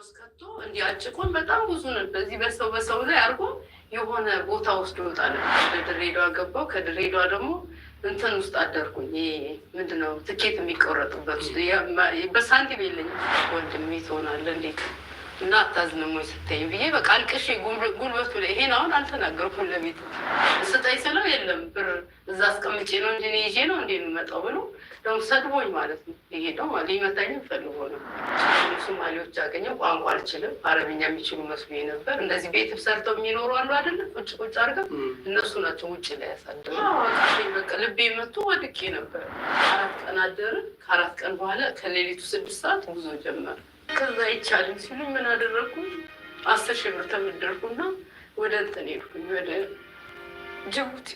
ውስጥ ከቶ እንዲህ አጭቆን በጣም ብዙ በዚህ በሰው በሰው ላይ አድርጎ የሆነ ቦታ ውስጥ ይወጣል። ድሬዳዋ ገባው። ከድሬዳዋ ደግሞ እንትን ውስጥ አደርኩኝ። ምንድን ነው ትኬት የሚቆረጥበት በሳንቲም የለኝም። ወንድሜ ትሆናለህ እንዴት እና አታዝንሞኝ ስታይ ብዬ በቃ አልቅሼ ጉልበቱ ላይ ይሄን አሁን አልተናገርኩም። ለቤት ስጠኝ ስለው የለም ብር እዛ አስቀምጬ ነው እንጂ ይዤ ነው እንዴ የምመጣው ብሎ ነው ሰድቦኝ ማለት ነው የሄደው ሊመታኝ ፈልጎ ነው። ሶማሌዎች ያገኘው ቋንቋ አልችልም፣ አረብኛ የሚችሉ መስሎ ነበር። እንደዚህ ቤት ሰርተው የሚኖሩ አሉ አይደለም፣ ቁጭ ቁጭ አድርገው እነሱ ናቸው ውጭ ላይ ያሳደ ልቤ መቶ ወድቄ ነበር። አራት ቀን አደርን። ከአራት ቀን በኋላ ከሌሊቱ ስድስት ሰዓት ጉዞ ጀመር። ከዛ አይቻልም ሲሉ ምን አደረግኩ? አስር ሺህ ብር ወደ እንትን ሄድኩኝ ወደ ጅቡቲ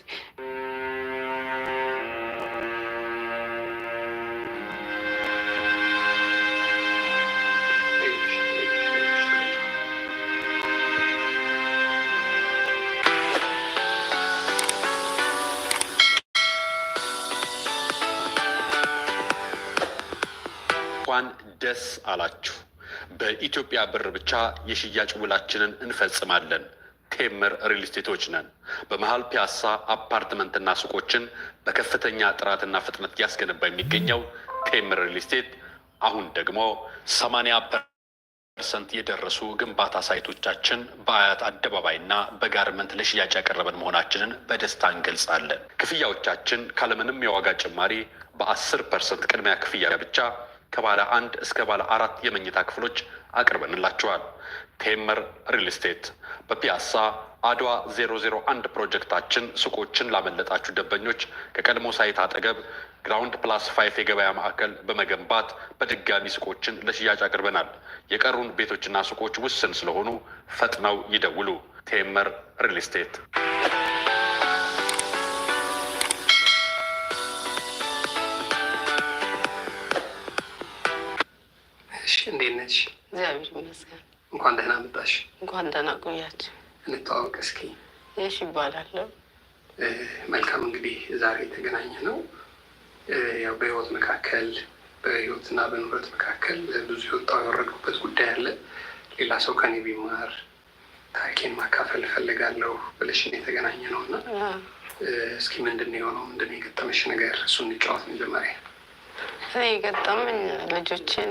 ደስ አላችሁ። በኢትዮጵያ ብር ብቻ የሽያጭ ውላችንን እንፈጽማለን። ቴምር ሪል ስቴቶች ነን። በመሀል ፒያሳ አፓርትመንትና ሱቆችን በከፍተኛ ጥራትና ፍጥነት እያስገነባ የሚገኘው ቴምር ሪል ስቴት አሁን ደግሞ ሰማንያ ፐርሰንት የደረሱ ግንባታ ሳይቶቻችን በአያት አደባባይና በጋርመንት ለሽያጭ ያቀረበን መሆናችንን በደስታ እንገልጻለን። ክፍያዎቻችን ካለምንም የዋጋ ጭማሪ በአስር ፐርሰንት ቅድሚያ ክፍያ ብቻ ከባለ አንድ እስከ ባለ አራት የመኝታ ክፍሎች አቅርበንላቸዋል። ቴምር ሪል ስቴት በፒያሳ አድዋ 001 ፕሮጀክታችን ሱቆችን ላመለጣችሁ ደንበኞች ከቀድሞ ሳይት አጠገብ ግራውንድ ፕላስ ፋይፍ የገበያ ማዕከል በመገንባት በድጋሚ ሱቆችን ለሽያጭ አቅርበናል። የቀሩን ቤቶችና ሱቆች ውስን ስለሆኑ ፈጥነው ይደውሉ። ቴምር ሪል ስቴት እሺ፣ እንዴት ነሽ? እግዚአብሔር ይመስገን። እንኳን ደህና መጣሽ። እንኳን ደህና ቆያችሁ። እንተዋወቅ እስኪ። እሺ ይባላለሁ። መልካም እንግዲህ ዛሬ የተገናኘ ነው ያው በህይወት መካከል በህይወትና በንብረት መካከል ብዙ የወጣው ያወረድኩበት ጉዳይ አለ። ሌላ ሰው ከኔ ቢማር ታሪኬን ማካፈል እፈልጋለሁ ብለሽን የተገናኘ ነው እና እስኪ ምንድን ነው የሆነው? ምንድን ነው የገጠመሽ ነገር? እሱን እንጫወት መጀመሪያ እኔ የገጠመኝ ልጆችን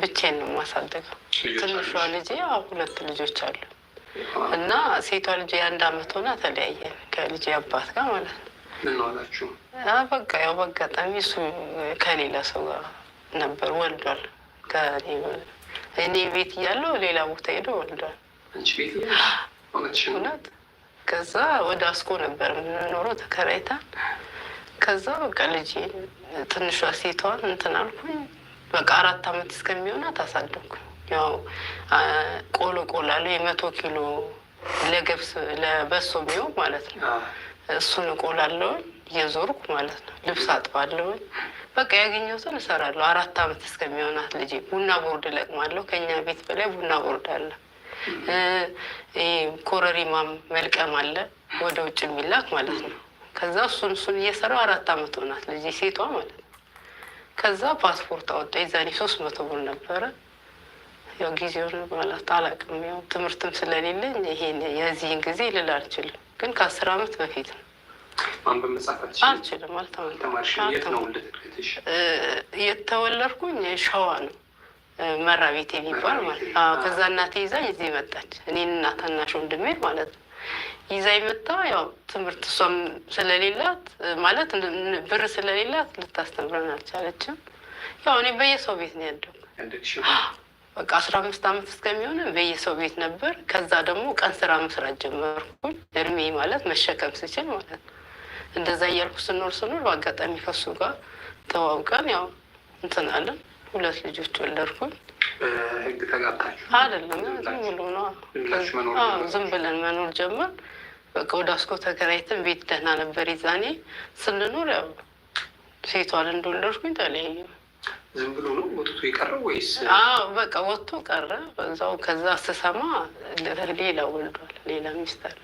ብቼን ነው የማሳደገው። ትንሿ ልጅ ሁለት ልጆች አሉ እና ሴቷ ልጅ የአንድ አመት ሆና ተለያየን ከልጅ አባት ጋር ማለት ነው። በቃ ያው በአጋጣሚ እሱ ከሌላ ሰው ጋር ነበር ወልዷል። እኔ ቤት እያለው ሌላ ቦታ ሄዶ ወልዷል። እውነት ከዛ ወደ አስኮ ነበር የምንኖረው ተከራይታል ከዛ በቃ ልጅ ትንሿ ሴቷን እንትን አልኩኝ። በቃ አራት አመት እስከሚሆናት አሳደግኩኝ። ያው ቆሎ ቆላለ የመቶ ኪሎ ለገብስ ለበሶ የሚሆን ማለት ነው። እሱን እቆላለሁኝ እየዞርኩ ማለት ነው። ልብስ አጥባለሁኝ። በቃ ያገኘሁትን እሰራለሁ። አራት አመት እስከሚሆናት ልጅ ቡና ቦርድ እለቅማለሁ። ከኛ ቤት በላይ ቡና ቦርድ አለ። ኮረሪማም መልቀም አለ፣ ወደ ውጭ የሚላክ ማለት ነው። ከዛ እሱን እሱን እየሰራው አራት አመት ሆናት ልጅ ሴቷ ማለት ነው። ከዛ ፓስፖርት አወጣ። የዛኔ ሶስት መቶ ብር ነበረ። ያው ጊዜውን ማለት አላውቅም። ያው ትምህርትም ስለሌለኝ ይሄን የዚህን ጊዜ ልል አልችልም፣ ግን ከአስር አመት በፊት ነው። አልችልም ማለት የተወለድኩኝ ሸዋ ነው መራ ቤት የሚባል ማለት ከዛ እናቴ ይዛኝ እዚህ መጣች። እኔን እናታናሽ ወንድሜ ማለት ነው ይዛ የመጣ ያው ትምህርት እሷም ስለሌላት ማለት ብር ስለሌላት ልታስተምረን አልቻለችም። ያው እኔ በየሰው ቤት ነው ያደ በቃ አስራ አምስት ዓመት እስከሚሆን በየሰው ቤት ነበር። ከዛ ደግሞ ቀን ስራ መስራት ጀመርኩኝ። እድሜ ማለት መሸከም ስችል ማለት ነው። እንደዛ እያልኩ ስኖር ስኖር በአጋጣሚ ከሱ ጋር ተዋውቀን ያው እንትናለን ሁለት ልጆች ወለድኩኝ። ህግ ተጋብታችሁ አይደለም? ዝም ብሎ ነው ዝም ብለን መኖር ጀመር። በቃ ወደ አስኮ ተከራይተን ቤት ደህና ነበር። ይዛኔ ስንኖር ያው ሴቷ እንደወለድኩኝ ተለያዩ። ዝም ብሎ ነው ወጥቶ የቀረው ወይስ? አዎ በቃ ወጥቶ ቀረ እዛው። ከዛ ስሰማ ሌላ ወልዷል፣ ሌላ ሚስት አለ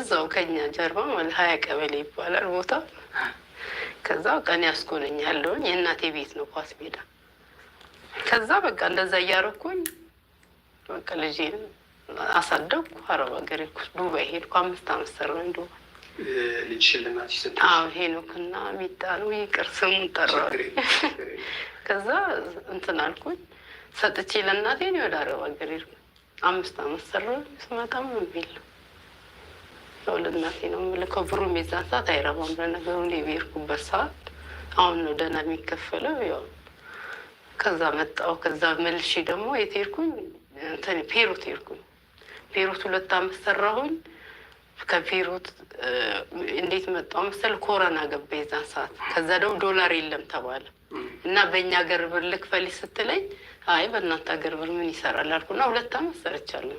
እዛው ከኛ ጀርባ፣ ሀያ ቀበሌ ይባላል ቦታ ከዛ ቀን ያስኮነኝ ያለውን የእናቴ ቤት ነው ኳስ ሜዳ። ከዛ በቃ እንደዛ እያረኩኝ በቃ ልጅ አሳደግኩ። አረብ ሀገር ዱባይ ሄድኩ። አምስት አመት ሰራኝ ዱባይ። ሄኖክና ሚጣ ነው ይቅር ስሙን ጠራ። ከዛ እንትን አልኩኝ ሰጥቼ ለእናቴ ነው ወደ አረብ ሀገር ሄድኩ። አምስት አመት ሰራኝ። ስመጣም ነው ነው ሰው ልናሴ ነው የምልከው። ብሩም የዛን ሰዓት አይረባም። ለነገሩ እኔ ብሄድኩበት ሰዓት አሁን ነው ደህና የሚከፈለው። ያው ከዛ መጣው ከዛ መልሼ ደግሞ የት ሄድኩኝ? እንትን ፔሩት ሄድኩኝ። ፔሩት ሁለት አመት ሰራሁኝ። ከፔሩት እንዴት መጣው መሰል ኮረና ገባ የዛን ሰዓት። ከዛ ደግሞ ዶላር የለም ተባለ እና በእኛ ሀገር ብር ልክፈልሽ ስትለኝ አይ በእናንተ ሀገር ብር ምን ይሰራል አልኩና ሁለት አመት ሰርቻለሁ።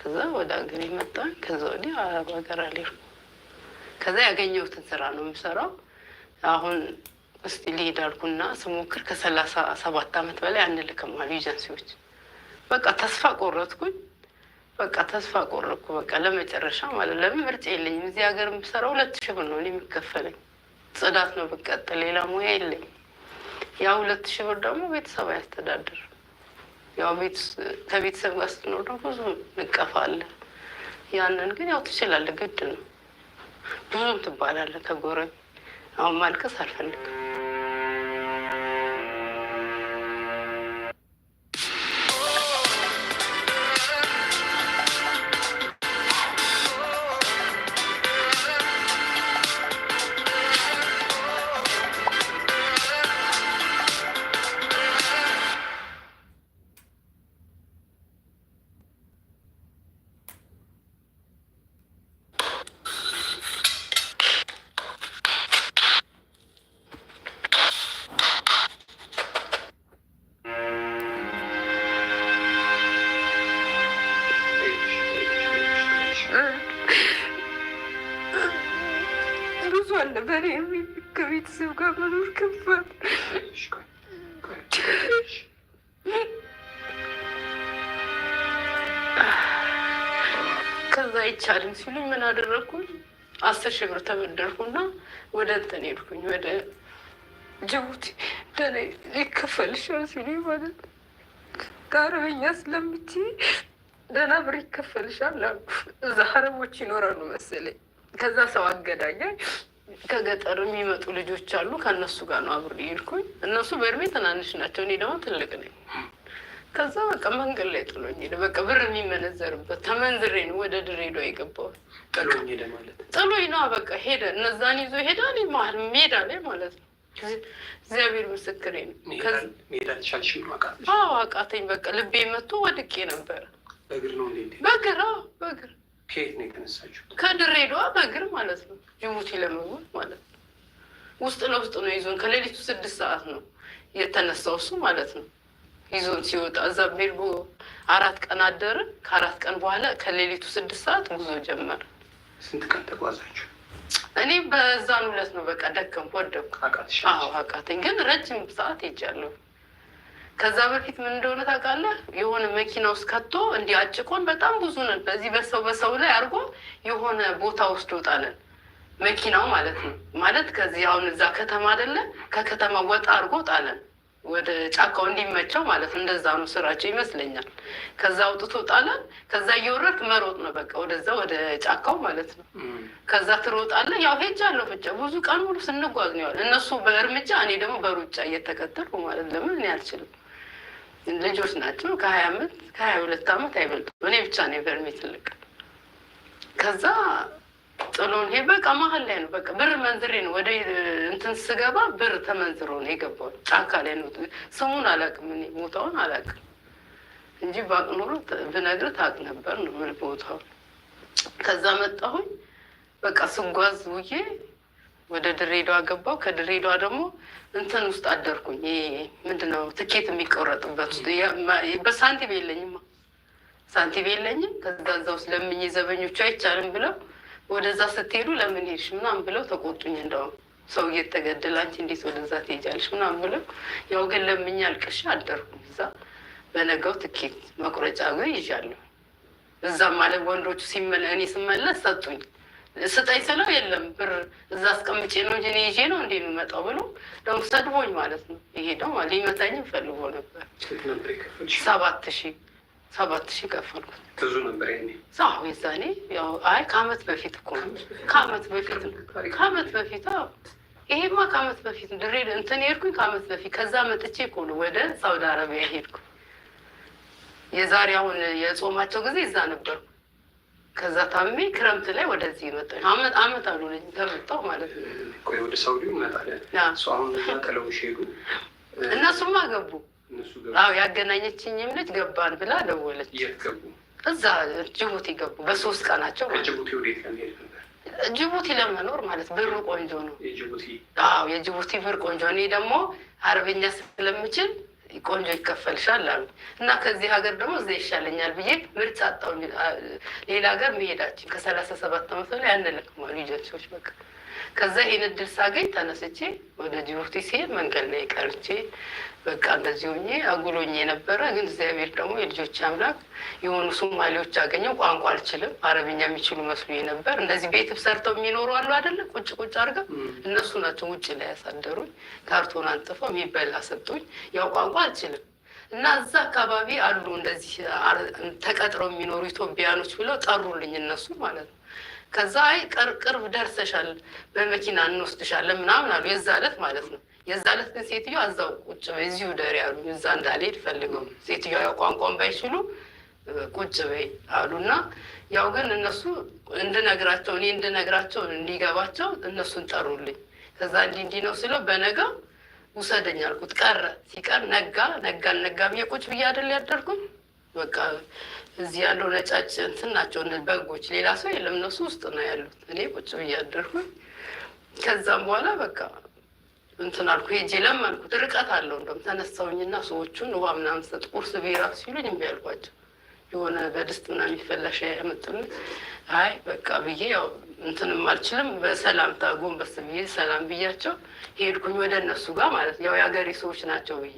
ከዛ ወደ ሀገር የመጣ ከዛ ወዲህ አረብ ሀገር አልሄድኩም። ከዛ ያገኘሁትን ስራ ነው የምሰራው። አሁን እስቲ ልሄድ አልኩና ስሞክር ከሰላሳ ሰባት አመት በላይ አንልክም አሉ ኤጀንሲዎች። በቃ ተስፋ ቆረጥኩኝ። በቃ ተስፋ ቆረጥኩ። በቃ ለመጨረሻ ማለት ለምን ምርጫ የለኝም። እዚህ ሀገር የምሰራ ሁለት ሺህ ብር ነው የሚከፈለኝ። ጽዳት ነው ብቀጥል፣ ሌላ ሙያ የለኝም። ያ ሁለት ሺህ ብር ደግሞ ቤተሰብ አያስተዳድርም። ያው ከቤተሰብ ጋር ስትኖር ደግሞ ብዙ ንቀፋለ። አለ። ያንን ግን ያው ትችላለህ፣ ግድ ነው። ብዙም ትባላለህ። ከጎረቤት አሁን ማልቀስ አልፈልግም። ሲሉኝ ምን አደረግኩኝ? አስር ሺህ ብር ተበደርኩና ወደ እንትን ሄድኩኝ ወደ ጅቡቲ ደህና ይከፈልሻል ሲሉ ማለት ከአረበኛ ስለምትይ ደህና ብር ይከፈልሻል አሉ። እዛ አረቦች ይኖራሉ መሰለኝ። ከዛ ሰው አገዳኛኝ ከገጠር የሚመጡ ልጆች አሉ። ከእነሱ ጋር ነው አብሬ ሄድኩኝ። እነሱ በእድሜ ትናንሽ ናቸው፣ እኔ ደግሞ ትልቅ ነኝ። ከዛ በቃ መንገድ ላይ ጥሎኝ ሄደ። በቃ ብር የሚመነዘርበት ተመንዝሬ ነው ወደ ድሬዳዋ የገባሁት። ጥሎኝ ሄደ ማለት ጥሎኝ በቃ ሄደ፣ እነዛን ይዞ ሄዳ መሀል ሜዳ ላይ ማለት ነው። እግዚአብሔር ምስክሬ ነው። ሜዳ አቃተኝ። በቃ ልቤ መቶ ወድቄ ነበረ። በእግር ነው እንዴ? በእግር በእግር። ከየት ነው ከድሬዳዋ በእግር ማለት ነው። ጅቡቲ ለመግባት ማለት ነው። ውስጥ ለውስጥ ነው ይዞን። ከሌሊቱ ስድስት ሰዓት ነው የተነሳው እሱ ማለት ነው። ይዞ ሲወጣ እዛ ቤርጎ አራት ቀን አደር ከአራት ቀን በኋላ ከሌሊቱ ስድስት ሰዓት ጉዞ ጀመረ። ስንት ቀን ተጓዛችሁ? እኔ በዛን ሁለት ነው በቃ ደከም ወደኩ። አዎ አቃተኝ፣ ግን ረጅም ሰዓት ሄጃለሁ። ከዛ በፊት ምን እንደሆነ ታውቃለህ? የሆነ መኪና ውስጥ ከቶ እንዲህ አጭቆን በጣም ብዙ ነን። በዚህ በሰው በሰው ላይ አድርጎ የሆነ ቦታ ውስጥ ወጣለን። መኪናው ማለት ነው ማለት ከዚህ አሁን እዛ ከተማ አይደለ ከከተማ ወጣ አድርጎ ጣለን። ወደ ጫካው እንዲመቸው ማለት እንደዛ ነው ስራቸው ይመስለኛል። ከዛ አውጥቶ ጣለ። ከዛ እየወረድክ መሮጥ ነው በቃ ወደዛ ወደ ጫካው ማለት ነው። ከዛ ትሮጣለህ። ያው ሄጃለሁ ብቻ ብዙ ቀን ሙሉ ስንጓዝ ነው እነሱ በእርምጃ እኔ ደግሞ በሩጫ እየተከተልኩ ማለት ለምን እኔ አልችልም። ልጆች ናቸው ከሀያ አመት ከሀያ ሁለት አመት አይበልጡም። እኔ ብቻ ነው በእርሜ ትልቅ ከዛ ጥሎን ይሄ በቃ መሀል ላይ ነው። በቃ ብር መንዝሬ ነው ወደ እንትን ስገባ ብር ተመንዝሮ ነው የገባው። ጫካ ላይ ነው። ስሙን አላውቅም እኔ ቦታውን አላውቅም እንጂ ባቅ ኑሮ ብነግር ታውቅ ነበር ነው ምን ቦታውን። ከዛ መጣሁኝ በቃ ስጓዝ ውዬ ወደ ድሬዳዋ ገባው ከድሬዳዋ ደግሞ እንትን ውስጥ አደርኩኝ። ምንድነው ትኬት የሚቆረጥበት በሳንቲም የለኝም፣ ሳንቲም የለኝም። ከዛ እዛ ውስጥ ለምኝ ዘበኞቹ አይቻልም ብለው ወደዛ ስትሄዱ ለምን ሄድሽ ምናምን ብለው ተቆጡኝ። እንደውም ሰው እየተገደለ አንቺ እንዴት ወደዛ ትሄጃለሽ ምናምን ብለው ያው ግን ለምኛ አልቅሻ አደርኩ። እዛ በነገው ትኬት መቁረጫ ግን ይዣለሁ። እዛ ማለት ወንዶቹ ሲመለ እኔ ስመለስ ሰጡኝ። ስጠኝ ስለው የለም ብር እዛ አስቀምጬ ነው እንጂ እኔ ይዤ ነው እንዴ የምመጣው ብሎ ደግሞ ሰድቦኝ ማለት ነው። ይሄ ደግሞ ሊመታኝም ፈልጎ ነበር ሰባት ሺህ ሰባት ሺህ ከፈልኩት። ብዙ ነበር ያኔ። አዎ ዛኔ ያው አይ ከአመት በፊት እኮ ከአመት በፊት ነው። ከአመት በፊት አዎ። ይሄማ ከአመት በፊት ድሬ እንትን ሄድኩኝ። ከአመት በፊት ከዛ መጥቼ እኮ ነው ወደ ሳውዲ አረቢያ ሄድኩ። የዛሬ አሁን የጾማቸው ጊዜ እዛ ነበር ከዛ ታሜ ክረምት ላይ ወደዚህ መጣ። አመት አሉ አልሆነኝ ተመጣው ማለት ነው። ወደ ሳውዲ መጣለ። አሁን ከለውሽ ሄዱ። እነሱማ ገቡ አዎ ያገናኘችኝም ልጅ ገባን ብላ ደወለች። እዛ ጅቡቲ ገቡ። በሶስት ቀናቸው ጅቡቲ ለመኖር ማለት ብሩ ቆንጆ ነው። አዎ የጅቡቲ ብር ቆንጆ። እኔ ደግሞ አረበኛ ስለምችል ቆንጆ ይከፈልሻል አሉ እና ከዚህ ሀገር ደግሞ እዛ ይሻለኛል ብዬ ምርጫ አጣሁ። ሌላ ሀገር መሄዳችን ከሰላሳ ሰባት ዓመት ላይ አንለቅም አሉ ጀንሶች በቃ ከዛ ይህን እድል ሳገኝ ተነስቼ ወደ ጅቡቲ ሲሄድ መንገድ ላይ ቀርቼ በቃ እንደዚህ ሆኜ አጉሎኝ የነበረ ግን እግዚአብሔር ደግሞ የልጆች አምላክ የሆኑ ሶማሌዎች አገኘው። ቋንቋ አልችልም፣ አረብኛ የሚችሉ መስሉ ነበር። እንደዚህ ቤትብ ሰርተው የሚኖሩ አሉ አደለ? ቁጭ ቁጭ አድርገው እነሱ ናቸው ውጭ ላይ ያሳደሩኝ። ካርቶን አንጥፈው የሚበላ ሰጡኝ። ያው ቋንቋ አልችልም እና እዛ አካባቢ አሉ እንደዚህ ተቀጥረው የሚኖሩ ኢትዮጵያኖች ብለው ጠሩልኝ፣ እነሱ ማለት ነው ከዛ አይ ቅርብ ደርሰሻል፣ በመኪና እንወስድሻለን ምናምን አሉ። የዛ ዕለት ማለት ነው። የዛ ዕለት ግን ሴትዮ አዛው ቁጭ በይ እዚሁ ደሪ አሉ። እዛ እንዳልሄድ ፈልገው ሴትዮ ያው ቋንቋን ባይችሉ ቁጭ በይ አሉ እና ያው ግን እነሱ እንድነግራቸው እኔ እንድነግራቸው እንዲገባቸው እነሱን ጠሩልኝ። ከዛ እንዲህ እንዲህ ነው ስለው በነጋ ውሰደኝ አልኩት። ቀረ ሲቀር ነጋ ነጋ ነጋ ብዬ ቁጭ ብዬ አይደል ያደርጉኝ በቃ እዚህ ያለው ነጫጭ እንትን ናቸው በጎች፣ ሌላ ሰው የለም። እነሱ ውስጥ ነው ያሉት። እኔ ቁጭ ብዬ አደርኩኝ። ከዛም በኋላ በቃ እንትን አልኩ፣ ሄጄ ለመንኩት። ርቀት አለው እንደውም ተነሳውኝና ሰዎቹን ውሃ ምናምን ስጥ ቁርስ ብሔራ ሲሉኝ እምቢ አልኳቸው። የሆነ በድስት ምናምን የሚፈላ ያመጡልን። አይ በቃ ብዬ ያው እንትንም አልችልም በሰላምታ ጎንበስ ብዬ ሰላም ብያቸው ሄድኩኝ ወደ እነሱ ጋር ማለት ያው የሀገሬ ሰዎች ናቸው ብዬ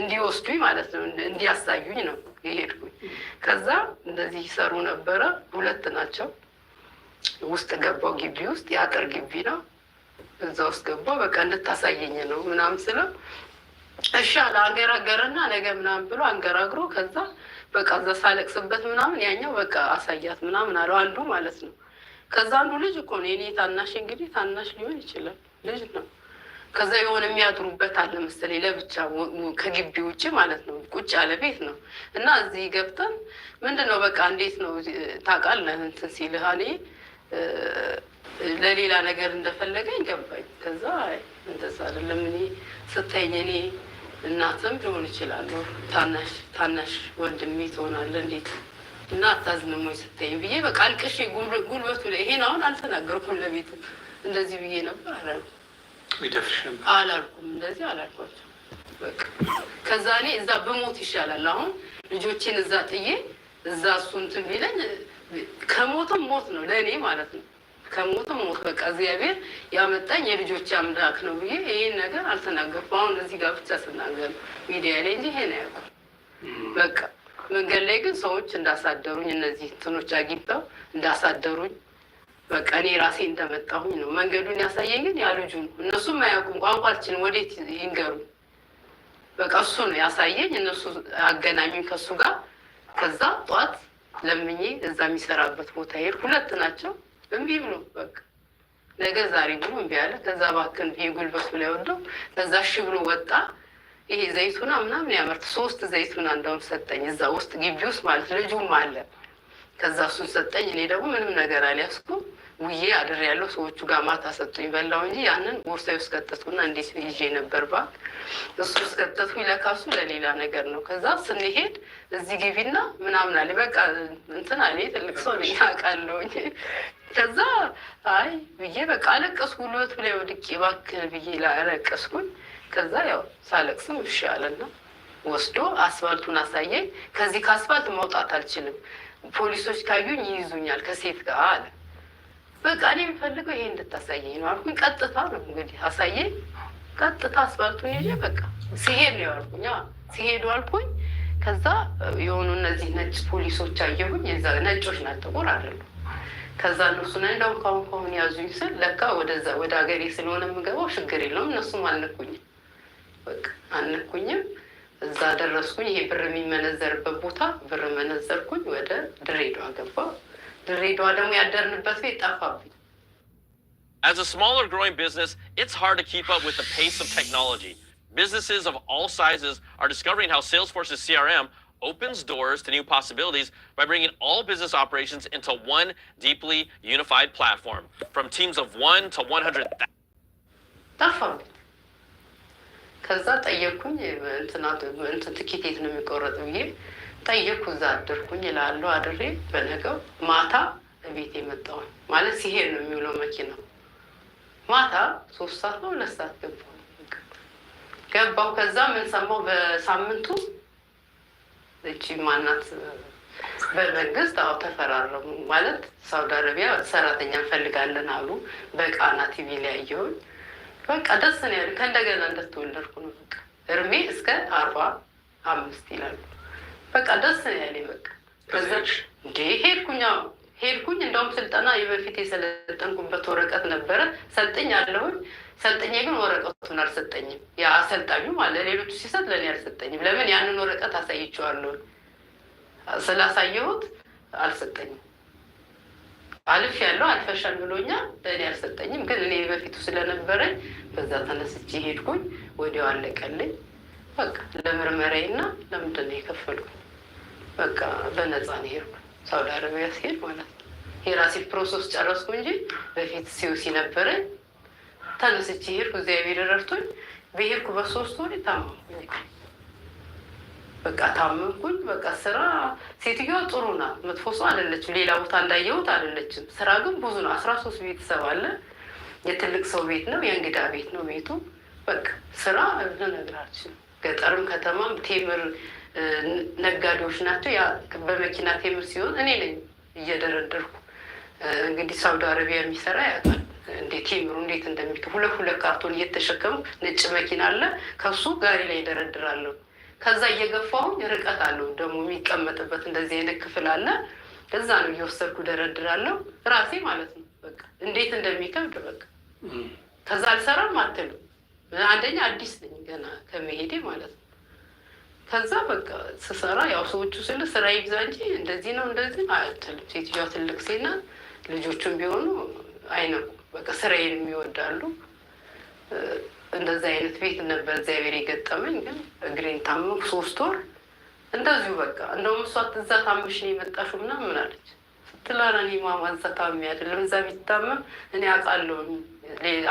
እንዲወስዱኝ ማለት ነው፣ እንዲያሳዩኝ ነው የሄድኩኝ። ከዛ እንደዚህ ይሰሩ ነበረ። ሁለት ናቸው። ውስጥ ገባው ግቢ ውስጥ የአጥር ግቢ ነው። እዛ ውስጥ ገባው በቃ እንድታሳየኝ ነው ምናምን ስለው እሺ አለ። ነገ ምናምን ብሎ አንገራግሮ ከዛ በቃ እዛ ሳለቅስበት ምናምን ያኛው በቃ አሳያት ምናምን አለው አንዱ ማለት ነው። ከዛ አንዱ ልጅ እኮ ነው የኔ ታናሽ፣ እንግዲህ ታናሽ ሊሆን ይችላል ልጅ ነው። ከዛ የሆነ የሚያድሩበት አለ መሰለኝ ለብቻ ከግቢ ውጭ ማለት ነው። ቁጭ ያለ ቤት ነው እና እዚህ ገብተን ምንድን ነው በቃ እንዴት ነው ታውቃለህ እንትን ሲልህ እኔ ለሌላ ነገር እንደፈለገኝ ገባኝ። ከዛ እንደዛ አይደለም እኔ ስታይኝ እኔ እናትም ሊሆን ይችላሉ። ታናሽ ታናሽ ወንድሜ ትሆናለህ እንዴት እና አታዝንም ወይ ስታይኝ ብዬ በቃ አልቅሼ ጉልበቱ ላይ ይሄን አሁን አልተናገርኩም። ለቤቱ እንደዚህ ብዬ ነበር አላልኩም፣ እንደዚህ አላልኳቸው። ከዛ እኔ እዛ በሞት ይሻላል አሁን ልጆቼን እዛ ጥዬ እዛ እሱ እንትን ቢለኝ ከሞትም ሞት ነው ለእኔ ማለት ነው። ከሞተ ሞት በቃ እግዚአብሔር ያመጣኝ የልጆች አምላክ ነው ብዬ ይህን ነገር አልተናገርኩም። አሁን እዚህ ጋር ብቻ ስናገር ሚዲያ ላይ እንጂ ይሄን አያውቁም። በቃ መንገድ ላይ ግን ሰዎች እንዳሳደሩኝ እነዚህ እንትኖች አግኝተው እንዳሳደሩኝ በቃ እኔ ራሴ እንደመጣሁኝ ነው። መንገዱን ያሳየኝ ግን ያ ልጁ ነው። እነሱም አያውቁም፣ ቋንቋችን ወዴት ይንገሩ። በቃ እሱ ነው ያሳየኝ። እነሱ አገናኙኝ ከእሱ ጋር። ከዛ ጠዋት ለምኜ እዛ የሚሰራበት ቦታ ሄድ። ሁለት ናቸው እምቢም ነው በቃ ነገ ዛሬ ብሎ እምቢ አለ። ከዛ ባክን ይሄ ጉልበቱ ላይ ወዶ ከዛ እሺ ብሎ ወጣ። ይሄ ዘይቱና ምናምን ያመርት ሶስት ዘይቱና እንደውም ሰጠኝ፣ እዛ ውስጥ ግቢ ውስጥ ማለት ልጁም አለ። ከዛ እሱን ሰጠኝ። እኔ ደግሞ ምንም ነገር አልያዝኩም። ውዬ አድር ያለው ሰዎቹ ጋር ማታ ሰጡኝ በላው እንጂ ያንን ቦርሳዬ ውስጥ ከተትኩና እንዴት ይዤ ነበር ባ እሱ ውስጥ ከተትኩኝ ለካ ለሌላ ነገር ነው። ከዛ ስንሄድ እዚህ ግቢና ምናምን አለ። በቃ እንትን አለ ትልቅ ሰው ነኝ አውቃለሁኝ። ከዛ አይ ብዬ በቃ አለቀስ ሁለቱ ላይ ወድቄ እባክህ ብዬ አለቀስኩኝ። ከዛ ያው ሳለቅስም እሺ አለና ወስዶ አስፋልቱን አሳየኝ። ከዚህ ከአስፋልት መውጣት አልችልም፣ ፖሊሶች ካዩኝ ይይዙኛል ከሴት ጋር አለ በቃ እኔ የሚፈልገው ይሄ እንድታሳየኝ ነው አልኩኝ። ቀጥታ ነው እንግዲህ አሳየኝ። ቀጥታ አስፋልቱን ይዤ በቃ ሲሄድ ነው ያልኩኝ። ሲሄዱ አልኩኝ። ከዛ የሆኑ እነዚህ ነጭ ፖሊሶች አየሁኝ። ነጮች ናት፣ ጥቁር አይደሉም። ከዛ እነሱ ነ እንደው ካሁን ካሁን ያዙኝ ስል ለካ ወደዛ ወደ ሀገሬ ስለሆነ የምገባው ችግር የለውም እነሱም አልነኩኝም። በቃ አልነኩኝም። እዛ ደረስኩኝ። ይሄ ብር የሚመነዘርበት ቦታ ብር መነዘርኩኝ። ወደ ድሬዳዋ ገባ ድሬዳዋ ደግሞ ያደርንበት ቤት ጠፋብኝ። As a smaller growing business, it's hard to keep up with the pace of technology. Businesses of all sizes are discovering how Salesforce's CRM opens doors to new possibilities by bringing all business operations into one deeply unified platform. From teams of one to 100,000. ጠየቅኩ። እዛ አደርኩኝ ይላሉ። አድሬ በነገው ማታ ቤት የመጣውን ማለት ሲሄድ ነው የሚውለው መኪናው። ማታ ሶስት ሰዓት ነው ሁለት ሰዓት ገባ ገባው። ከዛ ምን በሳምንቱ እቺ ማናት በመንግስት አዎ ተፈራረሙ። ማለት ሳውዲ አረቢያ ሰራተኛ እንፈልጋለን አሉ። በቃና ቲቪ ላይ ያየሁኝ። በቃ ደስ ነው ያሉ። ከእንደገና እንደተወለድኩ ነው። በቃ እርሜ እስከ አርባ አምስት ይላሉ በቃ ደስ ነው ያለኝ። በቃ እንዴ ሄድኩኝ ሄድኩኝ እንደውም ስልጠና የበፊት የሰለጠንኩበት ወረቀት ነበረ ሰልጠኝ አለሁኝ። ሰልጥኝ ግን ወረቀቱን አልሰጠኝም። ያ አሰልጣኙ ማለት ሌሎቹ ሲሰጥ ለእኔ አልሰጠኝም። ለምን ያንን ወረቀት አሳይችዋለሁ ስላሳየሁት አልሰጠኝም። አልፍ ያለው አልፈሻል ብሎኛል። ለእኔ አልሰጠኝም። ግን እኔ በፊቱ ስለነበረኝ በዛ ተነስቼ ሄድኩኝ። ወዲያው አለቀልኝ። በቃ ለምርመራዬና ለምንድን ነው የከፈልኩት? በቃ በነፃ ነው የሄድኩት ሳውዲ አረቢያ ሲሄድ ማለት ነው። የራሴ ፕሮሰስ ጨረስኩ እንጂ በፊት ሲውሲ ነበረኝ ተነስቼ ሄድኩ። እግዚአብሔር ረድቶኝ በሄድኩ በሶስት ወር ታመምኩኝ። በቃ ታመምኩኝ። በቃ ስራ ሴትዮዋ ጥሩ ናት፣ መጥፎ ሰው አይደለችም። ሌላ ቦታ እንዳየሁት አይደለችም። ስራ ግን ብዙ ነው። አስራ ሶስት ቤተሰብ አለ። የትልቅ ሰው ቤት ነው፣ የእንግዳ ቤት ነው ቤቱ። በቃ ስራ ልነግራችን ገጠርም ከተማም ቴምር ነጋዴዎች ናቸው። ያ በመኪና ቴምር ሲሆን እኔ ነኝ እየደረደርኩ እንግዲህ ሳውዲ አረቢያ የሚሰራ ያውቃል። ቴምሩ እንዴት እንደሚከ ሁለት ሁለት ካርቶን እየተሸከሙ ነጭ መኪና አለ፣ ከሱ ጋሪ ላይ ይደረድራለሁ። ከዛ እየገፋሁኝ ርቀት አለው ደግሞ የሚቀመጥበት እንደዚህ አይነት ክፍል አለ። እዛ ነው እየወሰድኩ ደረድራለሁ ራሴ ማለት ነው። በቃ እንዴት እንደሚከብድ በቃ ከዛ አልሰራም አትልም አንደኛ አዲስ ነኝ ገና ከመሄዴ ማለት ነው። ከዛ በቃ ስሰራ ያው ሰዎቹ ስል ስራ ይብዛ እንጂ እንደዚህ ነው እንደዚህ አልልም። ሴትዮዋ ትልቅ ሴና ልጆቹም ቢሆኑ አይነቁ በቃ ስራዬን የሚወዳሉ። እንደዚህ አይነት ቤት ነበር እግዚአብሔር የገጠመኝ። ግን እግሬን ታመምኩ ሶስት ወር እንደዚሁ በቃ እንደውም እሷ እዛ ታምሽ ነው የመጣሽው ምናምን አለች። ስትላራ እኔ ማማ እዛ ታሜ አይደለም እዛ ቢታመም እኔ አውቃለሁ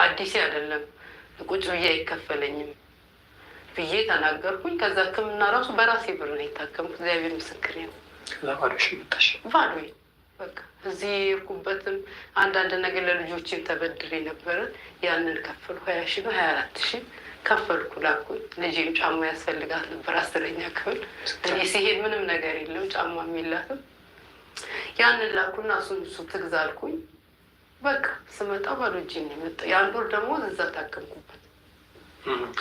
አዲሴ አይደለም ቁጭ ብዬ አይከፈለኝም ብዬ ተናገርኩኝ። ከዛ ሕክምና ራሱ በራሴ ብር ነው የታከምኩ። እግዚአብሔር ምስክር ነው። ባዶዬ በቃ እዚህ የሄድኩበትም አንዳንድ ነገር ለልጆችን ተበድሬ ነበረ። ያንን ከፈልኩ ሀያ ሺ ነው ሀያ አራት ሺ ከፈልኩ ላኩኝ። ልጅም ጫማ ያስፈልጋት ነበር አስረኛ ክፍል። እኔ ሲሄድ ምንም ነገር የለም ጫማ የሚላትም ያንን ላኩና እሱን እሱ ትግዛልኩኝ በቃ ስመጣ ባዶ እጄን ነው የመጣው። የአንድ ወር ደግሞ እዛ ታከምኩበት።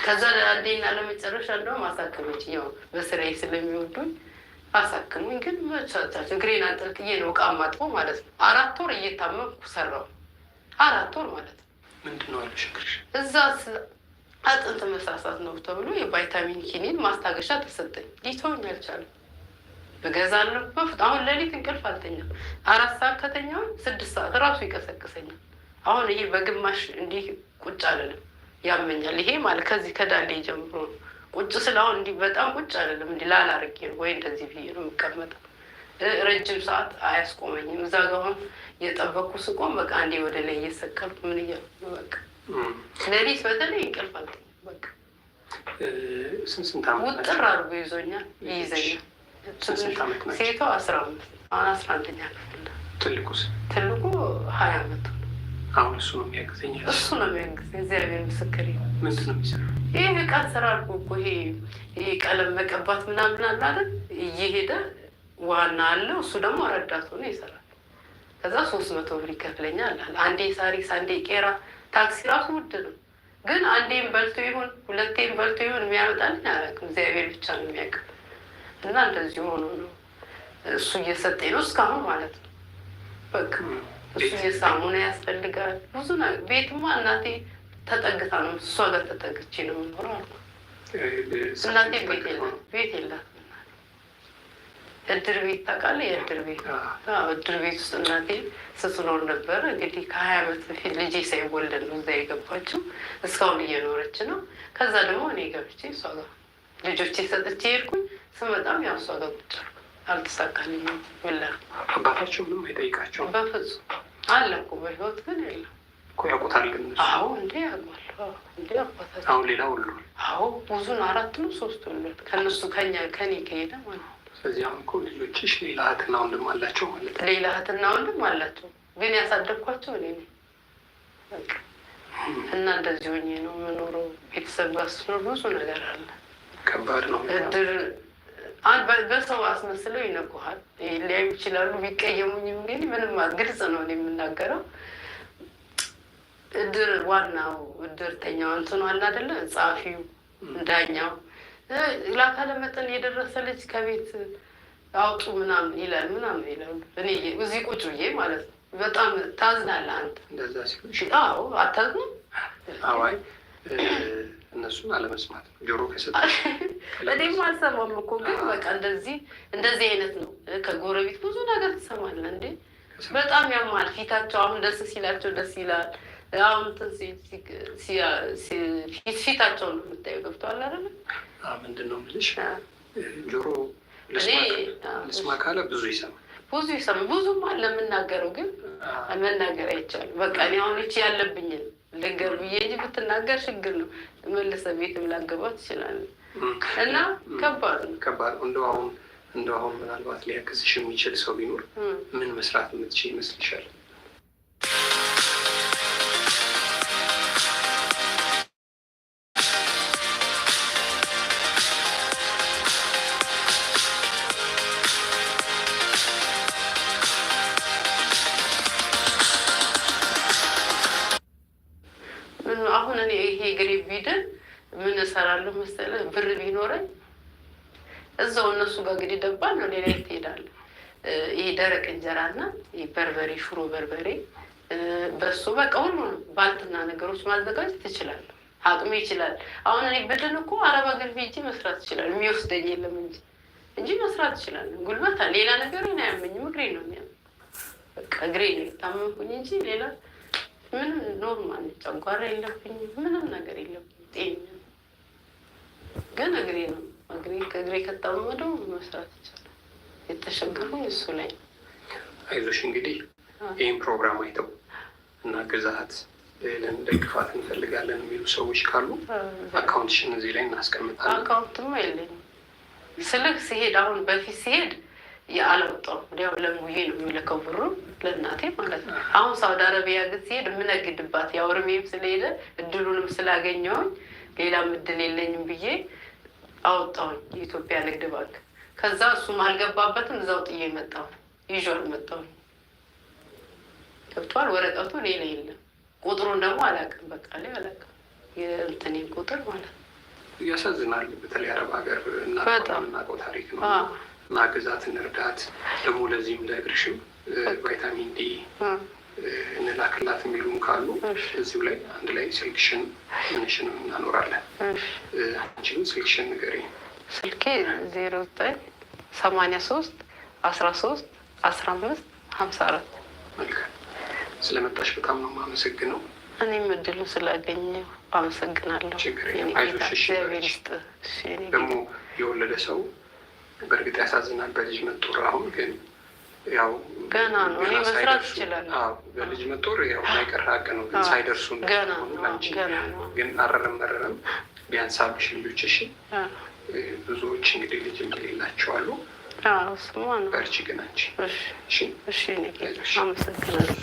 ከዛ አንዴና ለመጨረሻ እንደውም አሳከመች። ያው በስራዬ ስለሚወዱኝ አሳክሙኝ። ግን መቻቻች እግሬን አንጠልጥዬ ነው እቃ ማጥፎ ማለት ነው። አራት ወር እየታመምኩ ሰራው። አራት ወር ማለት ነው። ምንድን ነው ያለሽ እግርሽ? እዛ አጥንት መሳሳት ነው ተብሎ የቫይታሚን ኪኒን ማስታገሻ ተሰጠኝ። ሊተውኝ አልቻለም። እገዛለሁ። በፍጥ አሁን ሌሊት እንቅልፍ አልተኛም። አራት ሰዓት ከተኛውን ስድስት ሰዓት እራሱ ይቀሰቅሰኛል። አሁን ይሄ በግማሽ እንዲህ ቁጭ አልልም፣ ያመኛል። ይሄ ማለት ከዚህ ከዳሌ ጀምሮ ቁጭ ስለ አሁን እንዲህ በጣም ቁጭ አልልም። እንዲህ ላላርጌ ወይ እንደዚህ ብዬ ነው የምቀመጠው። ረጅም ሰዓት አያስቆመኝም። እዛ ጋ አሁን እየጠበኩ ስቆም በቃ አንዴ ወደ ላይ እየሰቀልኩ ምን እያልኩ በቃ ሌሊት በተለይ እንቅልፍ አልተኛም። በቃ ውጥር አድርጎ ይዞኛል፣ ይይዘኛል ሴቷ አስራ አሁን አስራ አንደኛ ክፍል ትልቁ ሀያ አመቱ አሁን እሱ ነው የሚያግዘኝ እሱ ነው የሚያግዘኝ። እግዚአብሔር ምስክር ምንድን ነው የሚሰራው? ይህ እቃ ስራ አልኩ እኮ ይሄ ይሄ ቀለም መቀባት ምናምን አለ እየሄደ ዋና አለው እሱ ደግሞ ረዳት ሆኖ ይሰራል። ከዛ ሶስት መቶ ብር ይከፍለኛል አለ። አንዴ ሳሪስ፣ አንዴ ቄራ። ታክሲ ራሱ ውድ ነው፣ ግን አንዴም በልቶ ይሁን ሁለቴም በልቶ ይሁን የሚያመጣልኝ አላውቅም። እግዚአብሔር ብቻ ነው የሚያውቅም። እና እንደዚህ ሆኖ ነው እሱ እየሰጠኝ ነው እስካሁን ማለት ነው። በቃ እሱ የሳሙና ያስፈልጋል ብዙ ነገር። ቤትማ እናቴ ተጠግታ ነው እሷ ጋር ተጠግቼ ነው የምኖረው አልኩ። እናቴ ቤት የላት ቤት የላት እድር ቤት ታውቃለህ? የእድር ቤት እድር ቤት ውስጥ እናቴ ስትኖር ነበር። እንግዲህ ከሀያ ዓመት በፊት ልጄ ሳይወለድ ነው እዛ የገባችው። እስካሁን እየኖረች ነው። ከዛ ደግሞ እኔ ገብቼ እሷ ጋር ልጆቼ ሰጥቼ ሄድኩኝ። በጣም ያው እሷ ጋር ቁጭ አልተሳካልኝም። የለም አባታቸው ምንም አይጠይቃቸውም በፍጹም አለ እኮ በህይወት ግን የለም እኮ ያውቁታል። ግን አዎ እንዴ ያውቃሉ እንዴ አባታቸው። አሁን ሌላ ሁሉ አዎ ብዙን አራት ነው ሶስት ወለድ ከእነሱ ከኛ ከኔ ከሄደ ማለት ስለዚህ አሁን እኮ ልጆችሽ ሌላ እህትና ወንድም አላቸው ማለት ነው። ሌላ እህትና ወንድም አላቸው ግን ያሳደግኳቸው እኔ ነኝ እና እንደዚህ ሆኜ ነው የምኖረው። ቤተሰብ ጋር ስትኖር ብዙ ነገር አለ። ከባድ ነው እድር በሰው አስመስለው ይነኩሃል። ሊያዩ ይችላሉ። ቢቀየሙኝ እንግዲህ ምንም ግልጽ ነው የምናገረው። እድር ዋናው እድርተኛው እንትኑ ዋና አደለ ጸሐፊው፣ ዳኛው ለአካለ መጠን የደረሰ ልጅ ከቤት አውጡ ምናምን ይላል ምናምን ይላሉ። እኔ እዚህ ቁጭ ብዬ ማለት ነው። በጣም ታዝናለህ አንተ። አዎ አታዝኑ አዋይ እነሱን አለመስማት ጆሮ ከሰጠ እኔም አልሰማም እኮ ግን በቃ እንደዚህ እንደዚህ አይነት ነው። ከጎረቤት ብዙ ነገር ትሰማለህ እንዴ በጣም ያማል። ፊታቸው አሁን ደስ ሲላቸው ደስ ይላል። አሁን ፊታቸው ነው የምታየው። ገብቶሃል አይደለ? ምንድን ነው የምልሽ ጆሮ ልስማ ካለ ብዙ ይሰማል ብዙ ይሰማል። ብዙም አለ የምናገረው ግን መናገር አይቻልም። በቃ እኔ አሁን ይቺ ያለብኝን ልንገር ብዬ እንጂ ብትናገር ችግር ነው። መለሰ ቤትም ላገባ ትችላለህ። እና ከባድ ነው ከባድ እንደው አሁን እንደው አሁን ምናልባት ሊያግዝሽ የሚችል ሰው ቢኖር ምን መስራት የምትችል ይመስልሻል? ደረቅ እንጀራ እንጀራና በርበሬ ሽሮ በርበሬ በሱ በቃ ሁሉንም ባልትና ነገሮች ማዘጋጀት እችላለሁ። አቅሜ ይችላል። አሁን እኔ ብድን እኮ አረብ ሀገር ሄጄ መስራት ይችላል። የሚወስደኝ የለም እንጂ እንጂ መስራት ይችላል። ጉልበት ሌላ ነገር ና ያመኝ እግሬ ነው የሚያመኝ። በቃ እግሬ ነው የታመምኩኝ እንጂ ሌላ ምንም ኖርማል ጨጓራ የለብኝም። ምንም ነገር የለብኝም። ጤኛ ግን እግሬ ነው እግሬ ከእግሬ ከታመመ ደግሞ መስራት ይችላል። የተሸገርኩኝ እሱ ላይ ነው። አይዞሽ እንግዲህ ይህን ፕሮግራም አይተው እና ግዛት ደግፋት እንፈልጋለን የሚሉ ሰዎች ካሉ አካውንትሽን እዚህ ላይ እናስቀምጣለን። አካውንትም የለኝም ስልክ ሲሄድ አሁን በፊት ሲሄድ የአለውጠው እንዲያው ለሙዬ ነው የሚልከው ብሩ ለእናቴ ማለት ነው። አሁን ሳውዲ አረቢያ ግን ሲሄድ የምነግድባት ያው እርሜም ስለሄደ እድሉንም ስላገኘውኝ ሌላም እድል የለኝም ብዬ አወጣውኝ የኢትዮጵያ ንግድ ባንክ። ከዛ እሱም አልገባበትም እዛው ጥዬ መጣሁ። ይዤ አልመጣሁም። ገብቷል። ወረቀቱ እኔ ላይ የለም። ቁጥሩን ደግሞ አላውቅም። በቃ ላይ አላውቅም፣ የእንትኔን ቁጥር ማለት ነው። ያሳዝናል። በተለይ አረብ ሀገር እናውቀው ታሪክ ነው። ማገዛት እንርዳት። ደግሞ ለዚህም ለእግርሽም ቫይታሚን ዲ እንላክላት የሚሉም ካሉ እዚሁ ላይ አንድ ላይ ስልክሽን ምንሽን እናኖራለን። አንቺም ስልክሽን ንገሪኝ። ስልኬ ዜሮ ዘጠኝ ሰማንያ ሶስት አስራ ሶስት አስራ አምስት ሀምሳ አራት ስለመጣሽ በጣም ነው የማመሰግነው። እኔም እድሉ ስላገኘ አመሰግናለሁ። ደግሞ የወለደ ሰው በእርግጥ ያሳዝናል። በልጅ መጦር አሁን ግን ያው ገና ነው። እኔ መስራት ይችላል። በልጅ መጦር ያው ነው። ግን ሳይደርሱ ግን አረረም መረረም ቢያንስ ልጆችሽ። ብዙዎች እንግዲህ ልጅ እንደሌላቸው አሉ እሱማ ነው። በርቺ ግን አንቺ። እሺ፣ እሺ፣ አመሰግናለሁ።